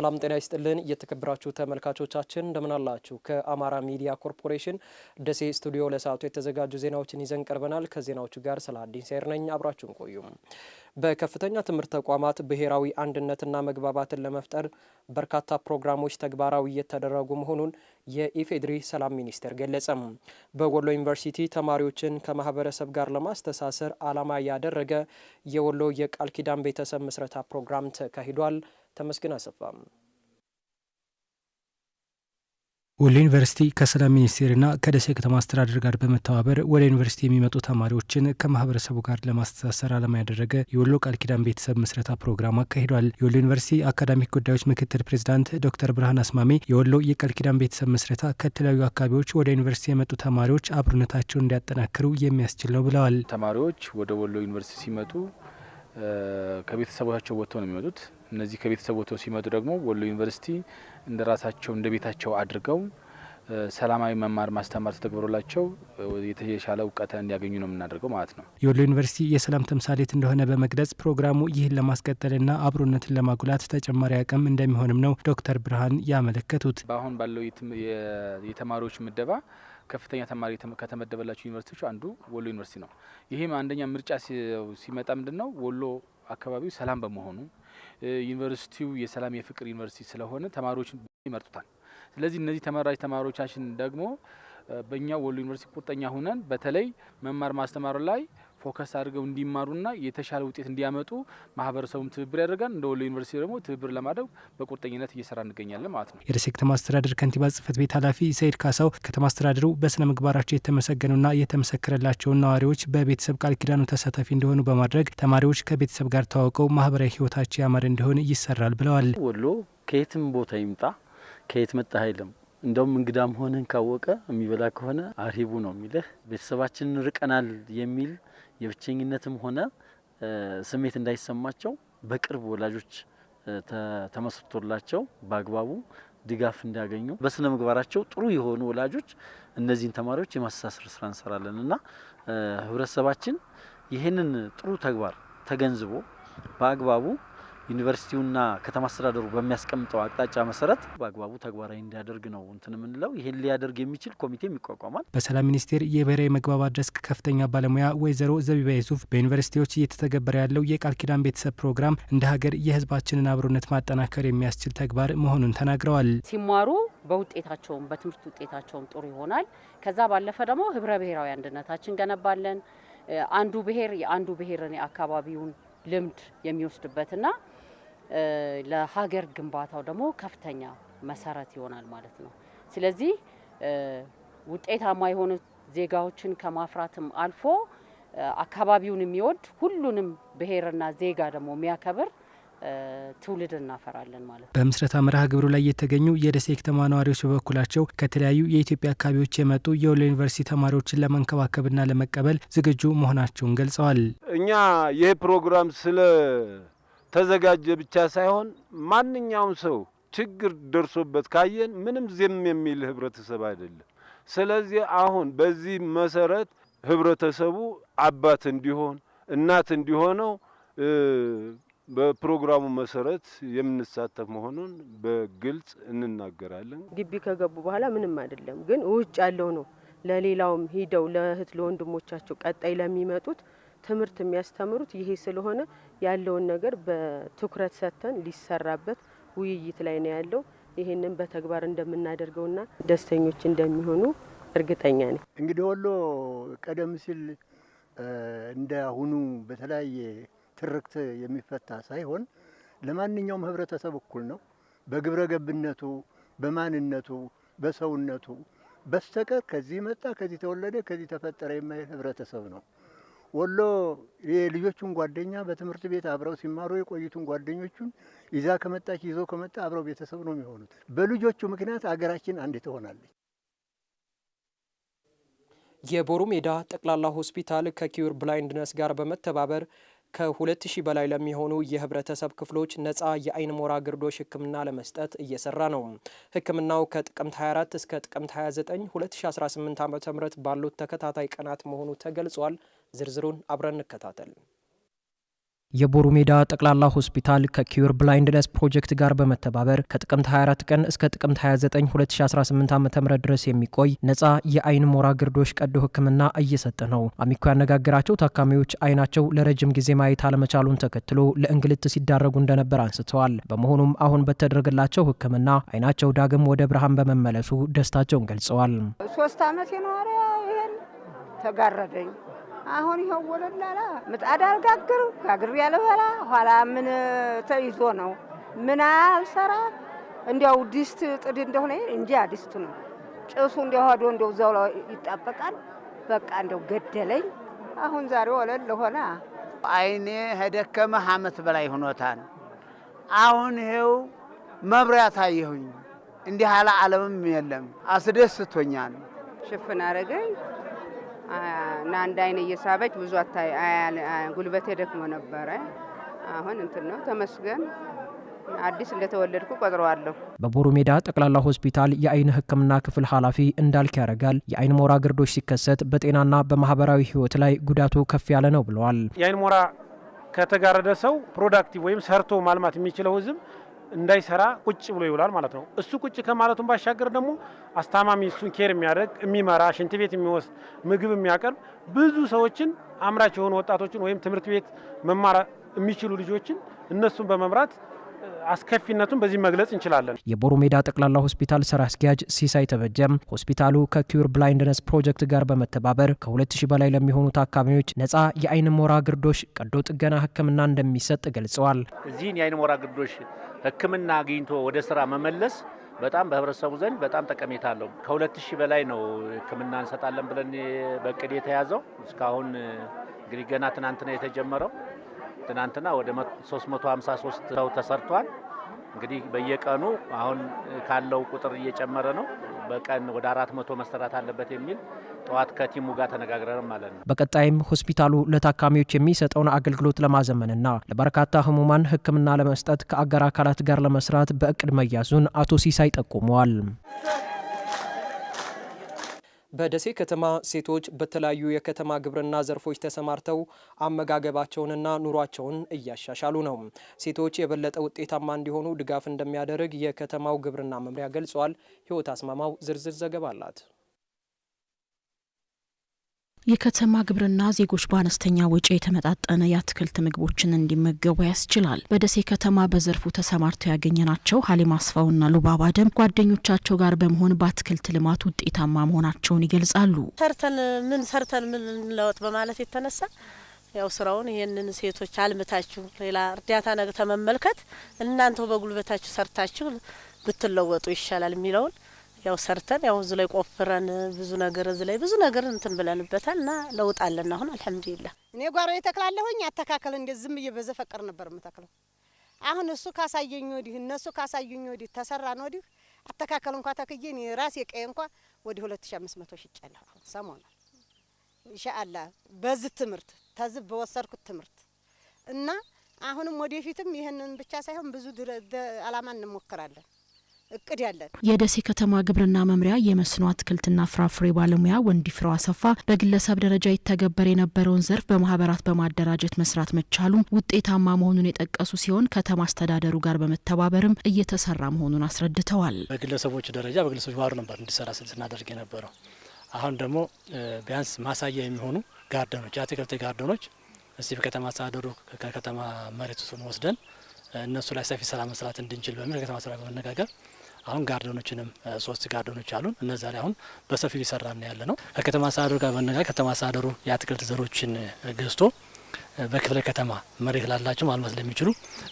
ሰላም ጤና ይስጥልን። እየተከበራችሁ ተመልካቾቻችን እንደምን አላችሁ? ከአማራ ሚዲያ ኮርፖሬሽን ደሴ ስቱዲዮ ለሰዓቱ የተዘጋጁ ዜናዎችን ይዘን ቀርበናል። ከዜናዎቹ ጋር ሰላሀዲን ሰይር ነኝ። አብራችሁን ቆዩም። በከፍተኛ ትምህርት ተቋማት ብሔራዊ አንድነትና መግባባትን ለመፍጠር በርካታ ፕሮግራሞች ተግባራዊ እየተደረጉ መሆኑን የኢፌድሪ ሰላም ሚኒስቴር ገለጸም። በወሎ ዩኒቨርሲቲ ተማሪዎችን ከማህበረሰብ ጋር ለማስተሳሰር ዓላማ ያደረገ የወሎ የቃል ኪዳን ቤተሰብ ምስረታ ፕሮግራም ተካሂዷል። ተመስገን አሰፋም ወሎ ዩኒቨርሲቲ ከሰላም ሚኒስቴርና ከደሴ ከተማ አስተዳደር ጋር በመተባበር ወደ ዩኒቨርሲቲ የሚመጡ ተማሪዎችን ከማህበረሰቡ ጋር ለማስተሳሰር ዓላማ ያደረገ የወሎ ቃል ኪዳን ቤተሰብ ምስረታ ፕሮግራም አካሂዷል። የወሎ ዩኒቨርሲቲ አካዳሚክ ጉዳዮች ምክትል ፕሬዚዳንት ዶክተር ብርሃን አስማሜ የወሎ የቃል ኪዳን ቤተሰብ ምስረታ ከተለያዩ አካባቢዎች ወደ ዩኒቨርሲቲ የመጡ ተማሪዎች አብሮነታቸውን እንዲያጠናክሩ የሚያስችል ነው ብለዋል። ተማሪዎች ወደ ወሎ ዩኒቨርሲቲ ሲመጡ ከቤተሰቦቻቸው ወጥተው ነው የሚመጡት እነዚህ ከቤተሰቦ ሲመጡ ደግሞ ወሎ ዩኒቨርሲቲ እንደ ራሳቸው እንደ ቤታቸው አድርገው ሰላማዊ መማር ማስተማር ተተግብሮላቸው የተሻለ እውቀት እንዲያገኙ ነው የምናደርገው ማለት ነው። የወሎ ዩኒቨርሲቲ የሰላም ተምሳሌት እንደሆነ በመግለጽ ፕሮግራሙ ይህን ለማስቀጠልና አብሮነትን ለማጉላት ተጨማሪ አቅም እንደሚሆንም ነው ዶክተር ብርሃን ያመለከቱት። በአሁን ባለው የተማሪዎች ምደባ ከፍተኛ ተማሪ ከተመደበላቸው ዩኒቨርሲቲዎች አንዱ ወሎ ዩኒቨርሲቲ ነው። ይህም አንደኛ ምርጫ ሲመጣ ምንድን ነው ወሎ አካባቢው ሰላም በመሆኑ ዩኒቨርሲቲው የሰላም የፍቅር ዩኒቨርሲቲ ስለሆነ ተማሪዎች ይመርጡታል። ስለዚህ እነዚህ ተመራጭ ተማሪዎቻችን ደግሞ በእኛ ወሎ ዩኒቨርሲቲ ቁርጠኛ ሁነን በተለይ መማር ማስተማር ላይ ፎከስ አድርገው እንዲማሩና የተሻለ ውጤት እንዲያመጡ ማህበረሰቡም ትብብር ያደርጋል። እንደ ወሎ ዩኒቨርሲቲ ደግሞ ትብብር ለማድረግ በቁርጠኝነት እየሰራ እንገኛለን ማለት ነው። የደሴ ከተማ አስተዳደር ከንቲባ ጽህፈት ቤት ኃላፊ ሰይድ ካሳው ከተማ አስተዳደሩ በስነ ምግባራቸው የተመሰገኑና የተመሰከረላቸውን ነዋሪዎች በቤተሰብ ቃል ኪዳኑ ተሳታፊ እንደሆኑ በማድረግ ተማሪዎች ከቤተሰብ ጋር ተዋውቀው ማህበራዊ ህይወታቸው ያማረ እንዲሆን ይሰራል ብለዋል። ወሎ ከየትም ቦታ ይምጣ ከየት መጣ አይልም። እንደውም እንግዳም ሆነን ካወቀ የሚበላ ከሆነ አርሂቡ ነው የሚልህ። ቤተሰባችንን ርቀናል የሚል የብቸኝነትም ሆነ ስሜት እንዳይሰማቸው በቅርብ ወላጆች ተመስርቶላቸው በአግባቡ ድጋፍ እንዲያገኙ በስነ ምግባራቸው ጥሩ የሆኑ ወላጆች እነዚህን ተማሪዎች የማስተሳሰር ስራ እንሰራለን እና ህብረተሰባችን ይህንን ጥሩ ተግባር ተገንዝቦ በአግባቡ ዩኒቨርሲቲውና ከተማ አስተዳደሩ በሚያስቀምጠው አቅጣጫ መሰረት በአግባቡ ተግባራዊ እንዲያደርግ ነው እንትን የምንለው። ይህን ሊያደርግ የሚችል ኮሚቴም ይቋቋማል። በሰላም ሚኒስቴር የብሔራዊ መግባባት ደስክ ከፍተኛ ባለሙያ ወይዘሮ ዘቢባ የሱፍ በዩኒቨርሲቲዎች እየተተገበረ ያለው የቃል ኪዳን ቤተሰብ ፕሮግራም እንደ ሀገር የህዝባችንን አብሮነት ማጠናከር የሚያስችል ተግባር መሆኑን ተናግረዋል። ሲማሩ በውጤታቸውም በትምህርት ውጤታቸውም ጥሩ ይሆናል። ከዛ ባለፈ ደግሞ ህብረ ብሔራዊ አንድነታችን ገነባለን። አንዱ ብሔር የአንዱ ብሔርን የአካባቢውን ልምድ የሚወስድበትና ለሀገር ግንባታው ደግሞ ከፍተኛ መሰረት ይሆናል ማለት ነው። ስለዚህ ውጤታማ የሆኑ ዜጋዎችን ከማፍራትም አልፎ አካባቢውን የሚወድ ሁሉንም ብሔርና ዜጋ ደግሞ የሚያከብር ትውልድ እናፈራለን ማለት ነው። በምስረታ መርሃ ግብሩ ላይ የተገኙ የደሴ ከተማ ነዋሪዎች በበኩላቸው ከተለያዩ የኢትዮጵያ አካባቢዎች የመጡ የወሎ ዩኒቨርሲቲ ተማሪዎችን ለመንከባከብና ለመቀበል ዝግጁ መሆናቸውን ገልጸዋል። እኛ ይህ ፕሮግራም ስለ ተዘጋጀ ብቻ ሳይሆን ማንኛውም ሰው ችግር ደርሶበት ካየን ምንም ዝም የሚል ህብረተሰብ አይደለም። ስለዚህ አሁን በዚህ መሰረት ህብረተሰቡ አባት እንዲሆን እናት እንዲሆነው በፕሮግራሙ መሰረት የምንሳተፍ መሆኑን በግልጽ እንናገራለን። ግቢ ከገቡ በኋላ ምንም አይደለም፣ ግን ውጭ ያለው ነው ለሌላውም ሂደው ለእህት ለወንድሞቻቸው ቀጣይ ለሚመጡት ትምህርት የሚያስተምሩት ይሄ ስለሆነ ያለውን ነገር በትኩረት ሰጥተን ሊሰራበት ውይይት ላይ ነው ያለው። ይህንን በተግባር እንደምናደርገውና ደስተኞች እንደሚሆኑ እርግጠኛ ነኝ። እንግዲህ ወሎ ቀደም ሲል እንደ አሁኑ በተለያየ ትርክት የሚፈታ ሳይሆን ለማንኛውም ህብረተሰብ እኩል ነው። በግብረ ገብነቱ፣ በማንነቱ፣ በሰውነቱ በስተቀር ከዚህ መጣ ከዚህ ተወለደ ከዚህ ተፈጠረ የማይል ህብረተሰብ ነው። ወሎ የልጆቹን ጓደኛ በትምህርት ቤት አብረው ሲማሩ የቆዩትን ጓደኞቹን ይዛ ከመጣች ይዞ ከመጣ አብረው ቤተሰብ ነው የሚሆኑት። በልጆቹ ምክንያት አገራችን አንድ ትሆናለች። የቦሩ ሜዳ ጠቅላላ ሆስፒታል ከኪዩር ብላይንድነስ ጋር በመተባበር ከ2000 በላይ ለሚሆኑ የህብረተሰብ ክፍሎች ነፃ የአይን ሞራ ግርዶሽ ህክምና ለመስጠት እየሰራ ነው። ህክምናው ከጥቅምት 24 እስከ ጥቅምት 29 2018 ዓ ም ባሉት ተከታታይ ቀናት መሆኑ ተገልጿል። ዝርዝሩን አብረን እንከታተል። የቦሩ ሜዳ ጠቅላላ ሆስፒታል ከኪዩር ብላይንድነስ ፕሮጀክት ጋር በመተባበር ከጥቅምት 24 ቀን እስከ ጥቅምት 29 2018 ዓ ም ድረስ የሚቆይ ነፃ የአይን ሞራ ግርዶሽ ቀዶ ሕክምና እየሰጠ ነው። አሚኮ ያነጋገራቸው ታካሚዎች አይናቸው ለረጅም ጊዜ ማየት አለመቻሉን ተከትሎ ለእንግልት ሲዳረጉ እንደነበር አንስተዋል። በመሆኑም አሁን በተደረገላቸው ሕክምና አይናቸው ዳግም ወደ ብርሃን በመመለሱ ደስታቸውን ገልጸዋል። ሶስት ዓመት የኖረ ይሄን ተጋረደኝ አሁን ይኸው ወለላላ ምጣድ አልጋግር ጋግር ያለበላ ኋላ ምን ተይዞ ነው ምን አልሰራ እንዲያው ድስት ጥድ እንደሆነ እንጂ ድስቱ ነው ጭሱ እንዲያው ሆዶ እንደው እዛው ይጣበቃል። በቃ እንደው ገደለኝ። አሁን ዛሬ ወለል ለሆነ አይኔ ሄደከመ አመት በላይ ሆኖታል። አሁን ይኸው መብራት አየሁኝ። እንዲህ አለ ዓለምም የለም። አስደስቶኛል። ሽፍን አረገኝ እና አንድ አይን እየሳበች ብዙ አታይ ጉልበቴ ደክሞ ነበረ። አሁን እንትን ነው ተመስገን አዲስ እንደተወለድኩ ቆጥረዋለሁ። በቦሩ ሜዳ ጠቅላላ ሆስፒታል የአይን ሕክምና ክፍል ኃላፊ እንዳልክ ያደርጋል። የአይን ሞራ ግርዶች ሲከሰት በጤናና በማህበራዊ ሕይወት ላይ ጉዳቱ ከፍ ያለ ነው ብለዋል። የአይን ሞራ ከተጋረደ ሰው ፕሮዳክቲቭ ወይም ሰርቶ ማልማት የሚችለው ህዝብ እንዳይሰራ ቁጭ ብሎ ይውላል ማለት ነው። እሱ ቁጭ ከማለቱን ባሻገር ደግሞ አስታማሚ እሱን ኬር የሚያደርግ የሚመራ፣ ሽንት ቤት የሚወስድ፣ ምግብ የሚያቀርብ ብዙ ሰዎችን አምራች የሆኑ ወጣቶችን ወይም ትምህርት ቤት መማር የሚችሉ ልጆችን እነሱን በመምራት አስከፊነቱን በዚህ መግለጽ እንችላለን። የቦሩ ሜዳ ጠቅላላ ሆስፒታል ስራ አስኪያጅ ሲሳይ ተበጀም ሆስፒታሉ ከኪዩር ብላይንድነስ ፕሮጀክት ጋር በመተባበር ከ ሺህ በላይ ለሚሆኑ ታካሚዎች ነጻ የአይን ሞራ ግርዶሽ ቀዶ ጥገና ሕክምና እንደሚሰጥ ገልጸዋል። እዚህን የአይን ሞራ ግርዶሽ ሕክምና አግኝቶ ወደ ስራ መመለስ በጣም በህብረተሰቡ ዘንድ በጣም ጠቀሜታ አለው። ከ ሺህ በላይ ነው ሕክምና እንሰጣለን ብለን በቅድ የተያዘው እስካሁን እንግዲህ ገና ትናንትና የተጀመረው ትናንትና ወደ 353 ሰው ተሰርቷል። እንግዲህ በየቀኑ አሁን ካለው ቁጥር እየጨመረ ነው። በቀን ወደ አራት መቶ መሰራት አለበት የሚል ጠዋት ከቲሙ ጋር ተነጋግረን ማለት ነው። በቀጣይም ሆስፒታሉ ለታካሚዎች የሚሰጠውን አገልግሎት ለማዘመንና ለበርካታ ህሙማን ሕክምና ለመስጠት ከአጋር አካላት ጋር ለመስራት በእቅድ መያዙን አቶ ሲሳይ ጠቁመዋል። በደሴ ከተማ ሴቶች በተለያዩ የከተማ ግብርና ዘርፎች ተሰማርተው አመጋገባቸውንና ኑሯቸውን እያሻሻሉ ነው። ሴቶች የበለጠ ውጤታማ እንዲሆኑ ድጋፍ እንደሚያደርግ የከተማው ግብርና መምሪያ ገልጿል። ህይወት አስማማው ዝርዝር ዘገባ አላት። የከተማ ግብርና ዜጎች በአነስተኛ ወጪ የተመጣጠነ የአትክልት ምግቦችን እንዲመገቡ ያስችላል። በደሴ ከተማ በዘርፉ ተሰማርተው ያገኘናቸው ሀሊማ አስፋውና ሉባባ ደም ጓደኞቻቸው ጋር በመሆን በአትክልት ልማት ውጤታማ መሆናቸውን ይገልጻሉ። ሰርተን ምን ሰርተን ምን ለወጥ በማለት የተነሳ ያው ስራውን ይህንን ሴቶች አልምታችሁ ሌላ እርዳታ ነገር ተመመልከት እናንተው በጉልበታችሁ ሰርታችሁ ብትለወጡ ይሻላል የሚለውን ያው ሰርተን ያው እዚ ላይ ቆፍረን ብዙ ነገር እዚ ላይ ብዙ ነገር እንትን ብለንበታል እና ለውጥ አለን አሁን አልሐምዱሊላ እኔ ጓሮ የተክላለሁኝ አተካከል እንደ ዝም ብዬ በዘፈቀር ነበር የምተክለው። አሁን እሱ ካሳየኝ ወዲህ እነሱ ካሳየኝ ወዲህ ተሰራን ወዲህ አተካከል እንኳ ተክዬ እኔ ራሴ ቀዬ እንኳ ወዲህ ሁለት ሺ አምስት መቶ ሽጫለሁ። አሁን ሰሞኑን ኢንሻአላህ በዚህ ትምህርት ተዝብ በወሰድኩት ትምህርት እና አሁንም ወደፊትም ይህንን ብቻ ሳይሆን ብዙ አላማ እንሞክራለን። እቅድ ያለን። የደሴ ከተማ ግብርና መምሪያ የመስኖ አትክልትና ፍራፍሬ ባለሙያ ወንዲፍረው አሰፋ በግለሰብ ደረጃ ይተገበር የነበረውን ዘርፍ በማህበራት በማደራጀት መስራት መቻሉም ውጤታማ መሆኑን የጠቀሱ ሲሆን ከተማ አስተዳደሩ ጋር በመተባበርም እየተሰራ መሆኑን አስረድተዋል። በግለሰቦች ደረጃ በግለሰቦች ባህሩ ነበር እንዲሰራ ስናደርግ የነበረው። አሁን ደግሞ ቢያንስ ማሳያ የሚሆኑ ጋርደኖች፣ የአትክልት ጋርደኖች እስቲ በከተማ አስተዳደሩ ከከተማ መሬት ውስጥ ወስደን እነሱ ላይ ሰፊ ስራ መስራት እንድንችል በሚል ከከተማ ስራ በመነጋገር አሁን ጋርደኖችንም ሶስት ጋርደኖች አሉን። እነዛ ላይ አሁን በሰፊው ሊሰራ እየሰራን ያለ ነው። ከከተማ አስተዳደሩ ጋር በነጋ ከተማ አስተዳደሩ የአትክልት ዘሮችን ገዝቶ በክፍለ ከተማ መሬት ላላቸው ማልማት ለሚችሉ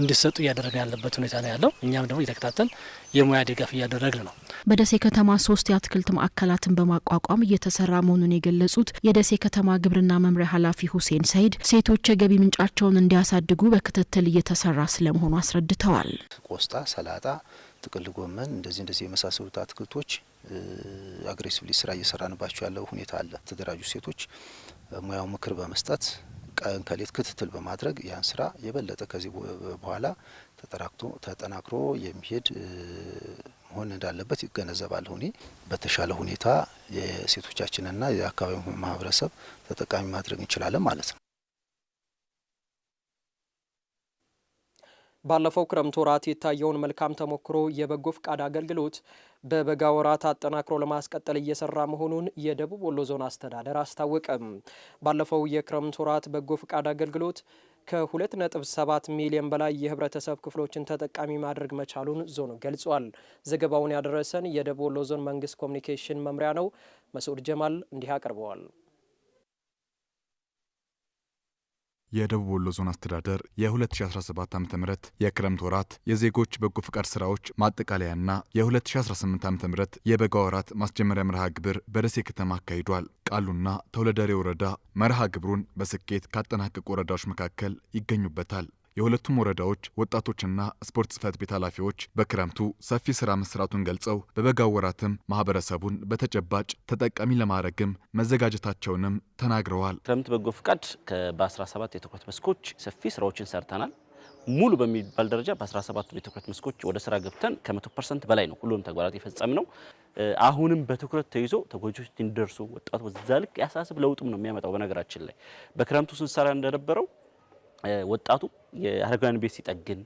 እንዲሰጡ እያደረገ ያለበት ሁኔታ ነው ያለው። እኛም ደግሞ እየተከታተል የሙያ ድጋፍ እያደረግን ነው። በደሴ ከተማ ሶስት የአትክልት ማዕከላትን በማቋቋም እየተሰራ መሆኑን የገለጹት የደሴ ከተማ ግብርና መምሪያ ኃላፊ ሁሴን ሰይድ ሴቶች የገቢ ምንጫቸውን እንዲያሳድጉ በክትትል እየተሰራ ስለመሆኑ አስረድተዋል። ቆስጣ፣ ሰላጣ ጥቅል ጎመን እንደዚህ እንደዚህ የመሳሰሉት አትክልቶች አግሬሲቭሊ ስራ እየሰራንባቸው ያለው ሁኔታ አለ። ተደራጁ ሴቶች ሙያው ምክር በመስጠት ቀን ከሌት ክትትል በማድረግ ያን ስራ የበለጠ ከዚህ በኋላ ተጠናክሮ የሚሄድ መሆን እንዳለበት ይገነዘባለሁ። እኔ በተሻለ ሁኔታ የሴቶቻችንና የአካባቢ ማህበረሰብ ተጠቃሚ ማድረግ እንችላለን ማለት ነው። ባለፈው ክረምት ወራት የታየውን መልካም ተሞክሮ የበጎ ፍቃድ አገልግሎት በበጋ ወራት አጠናክሮ ለማስቀጠል እየሰራ መሆኑን የደቡብ ወሎ ዞን አስተዳደር አስታወቀም። ባለፈው የክረምት ወራት በጎ ፍቃድ አገልግሎት ከ2.7 ሚሊዮን በላይ የህብረተሰብ ክፍሎችን ተጠቃሚ ማድረግ መቻሉን ዞኑ ገልጿል። ዘገባውን ያደረሰን የደቡብ ወሎ ዞን መንግስት ኮሚኒኬሽን መምሪያ ነው። መስዑድ ጀማል እንዲህ አቅርበዋል። የደቡብ ወሎ ዞን አስተዳደር የ2017 ዓ ም የክረምት ወራት የዜጎች በጎ ፍቃድ ስራዎች ማጠቃለያና የ2018 ዓ ም የበጋ ወራት ማስጀመሪያ መርሃ ግብር በደሴ ከተማ አካሂዷል። ቃሉና ተውለደሬ ወረዳ መርሃ ግብሩን በስኬት ካጠናቀቁ ወረዳዎች መካከል ይገኙበታል። የሁለቱም ወረዳዎች ወጣቶችና ስፖርት ጽፈት ቤት ኃላፊዎች በክረምቱ ሰፊ ስራ መስራቱን ገልጸው በበጋው ወራትም ማህበረሰቡን በተጨባጭ ተጠቃሚ ለማድረግም መዘጋጀታቸውንም ተናግረዋል። ክረምት በጎ ፍቃድ በ17 የትኩረት መስኮች ሰፊ ስራዎችን ሰርተናል። ሙሉ በሚባል ደረጃ በ17 የትኩረት መስኮች ወደ ስራ ገብተን ከ100 ፐርሰንት በላይ ነው ሁሉንም ተግባራት የፈጸም ነው። አሁንም በትኩረት ተይዞ ተጎጆች እንዲደርሱ ወጣቱ በዛ ልክ ያሳስብ ለውጡም ነው የሚያመጣው። በነገራችን ላይ በክረምቱ ስንሰራ እንደነበረው ወጣቱ የአረጋውያን ቤት ሲጠግን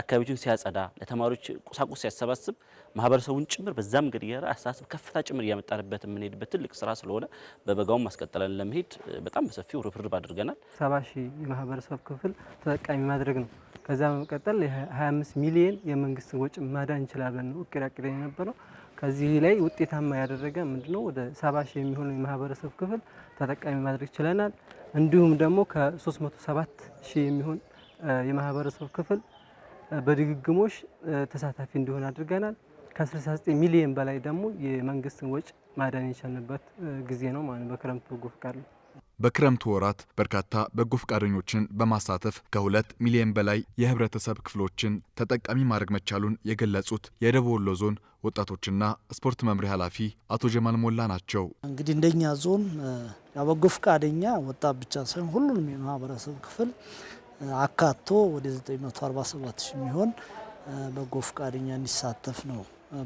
አካባቢዎችን ሲያጸዳ ለተማሪዎች ቁሳቁስ ሲያሰባስብ ማህበረሰቡን ጭምር በዛ መንገድ እያረ አስተሳሰብ ከፍታ ጭምር እያመጣንበት የምንሄድበት ትልቅ ስራ ስለሆነ በበጋውም ማስቀጠለን ለመሄድ በጣም በሰፊው ርብርብ አድርገናል። ሰባ ሺህ የማህበረሰብ ክፍል ተጠቃሚ ማድረግ ነው። ከዛ በመቀጠል የ25 ሚሊየን የመንግስት ወጪ ማዳን እንችላለን ነው እቅድ አቅደን የነበረው። ከዚህ ላይ ውጤታማ ያደረገ ምንድነው ወደ 70 ሺህ የሚሆኑ የማህበረሰብ ክፍል ተጠቃሚ ማድረግ ችለናል። እንዲሁም ደግሞ ከ307 ሺህ የሚሆን የማህበረሰብ ክፍል በድግግሞሽ ተሳታፊ እንዲሆን አድርገናል። ከ69 ሚሊዮን በላይ ደግሞ የመንግስትን ወጪ ማዳን የቻልንበት ጊዜ ነው ማለት በክረምት በጎ ፈቃድ ነው። በክረምቱ ወራት በርካታ በጎ ፈቃደኞችን በማሳተፍ ከሁለት ሚሊዮን በላይ የህብረተሰብ ክፍሎችን ተጠቃሚ ማድረግ መቻሉን የገለጹት የደቡብ ወሎ ዞን ወጣቶችና ስፖርት መምሪያ ኃላፊ አቶ ጀማል ሞላ ናቸው። እንግዲህ እንደኛ ዞን በጎ ፈቃደኛ ወጣት ብቻ ሳይሆን ሁሉንም የማህበረሰብ ክፍል አካቶ ወደ 947 ሺህ የሚሆን በጎ ፈቃደኛ እንዲሳተፍ ነው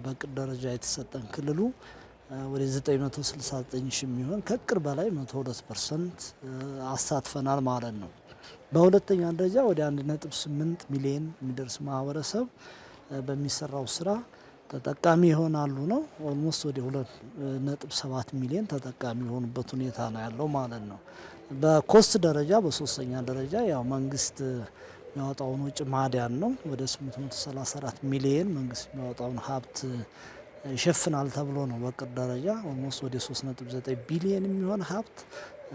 በቅድ ደረጃ የተሰጠን ክልሉ ወደ 969 ሺህ የሚሆን ከቅር በላይ 102 ፐርሰንት አሳትፈናል ማለት ነው። በሁለተኛ ደረጃ ወደ 1.8 ሚሊዮን የሚደርስ ማህበረሰብ በሚሰራው ስራ ተጠቃሚ ይሆናሉ ነው። ኦልሞስት ወደ ሁለት ነጥብ ሰባት ሚሊዮን ተጠቃሚ የሆኑበት ሁኔታ ነው ያለው ማለት ነው። በኮስት ደረጃ በሶስተኛ ደረጃ ያው መንግስት የሚያወጣውን ውጭ ማዳን ነው። ወደ 834 ሚሊዮን መንግስት የሚያወጣውን ሀብት ይሸፍናል ተብሎ ነው በቅር ደረጃ ኦልሞስት ወደ 3.9 ቢሊየን የሚሆን ሀብት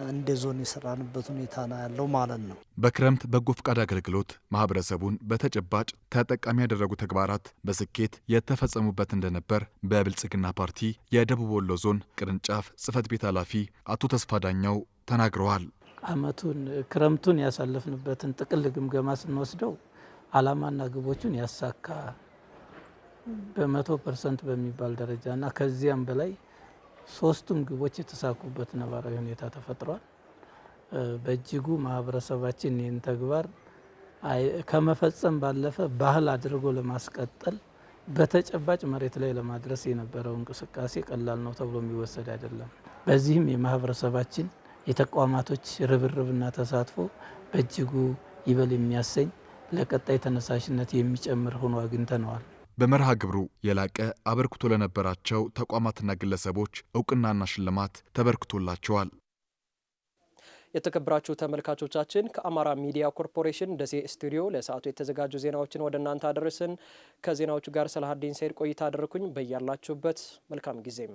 እንደ ዞን የሰራንበት ሁኔታ ነው ያለው ማለት ነው። በክረምት በጎ ፈቃድ አገልግሎት ማህበረሰቡን በተጨባጭ ተጠቃሚ ያደረጉ ተግባራት በስኬት የተፈጸሙበት እንደነበር በብልጽግና ፓርቲ የደቡብ ወሎ ዞን ቅርንጫፍ ጽህፈት ቤት ኃላፊ አቶ ተስፋ ዳኛው ተናግረዋል። አመቱን ክረምቱን ያሳለፍንበትን ጥቅል ግምገማ ስንወስደው አላማና ግቦቹን ያሳካ በመቶ ፐርሰንት በሚባል ደረጃና ከዚያም በላይ ሶስቱም ግቦች የተሳኩበት ነባራዊ ሁኔታ ተፈጥሯል። በእጅጉ ማህበረሰባችን ይህን ተግባር ከመፈጸም ባለፈ ባህል አድርጎ ለማስቀጠል በተጨባጭ መሬት ላይ ለማድረስ የነበረው እንቅስቃሴ ቀላል ነው ተብሎ የሚወሰድ አይደለም። በዚህም የማህበረሰባችን የተቋማቶች ርብርብና ተሳትፎ በእጅጉ ይበል የሚያሰኝ ለቀጣይ ተነሳሽነት የሚጨምር ሆኖ አግኝተነዋል። በመርሃ ግብሩ የላቀ አበርክቶ ለነበራቸው ተቋማትና ግለሰቦች እውቅናና ሽልማት ተበርክቶላቸዋል። የተከበራችሁ ተመልካቾቻችን ከአማራ ሚዲያ ኮርፖሬሽን ደሴ ስቱዲዮ ለሰዓቱ የተዘጋጁ ዜናዎችን ወደ እናንተ አደረስን። ከዜናዎቹ ጋር ሰላሀዲን ሰይድ ቆይታ አደረኩኝ። በያላችሁበት መልካም ጊዜም